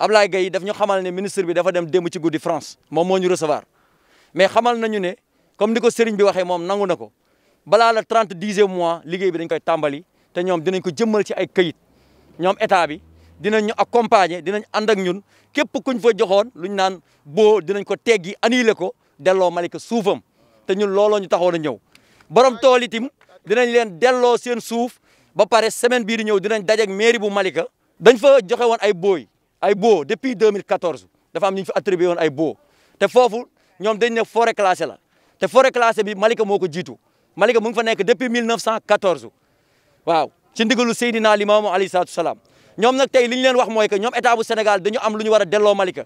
Ablaye Gaye daf ñu xamal ne ministre bi dafa dem démb ci guddi France moom moo ñu recevoir mais xamal nañu ne comme ni ko sëriñ bi waxee moom nangu na ko balaa la trente dixième mois liggéey bi dañ koy tàmbali te ñoom dinañ ko jëmmal ci ay kayit ñoom état bi dinañ ñu accompagner dinañ ànd ak ñun képp kuñ fa joxoon lu ñu naan boo dinañ ko teggi annulé ko delloo Malika suufam te ñun looloo ñu taxoon a ñëw borom tool tim dinañ leen delloo seen suuf ba pare semaine bii di ñëw dinañ dajeek mairie bu Malika dañ fa joxe woon ay booy ay boo depuis 2014 dafa am ñu fi attribué woon ay baux te foofu ñoom dañ ne forêt classée la te forêt classée bi Malika moo ko jiitu Malika mu ngi fa nekk depuis 1914 waaw ci ndigalu Seydina Limaamu alayhi salaatu salaam ñoom nag tey li ñu leen wax mooy que ñoom état bu Sénégal dañu am luñu ñu war a delloo Malika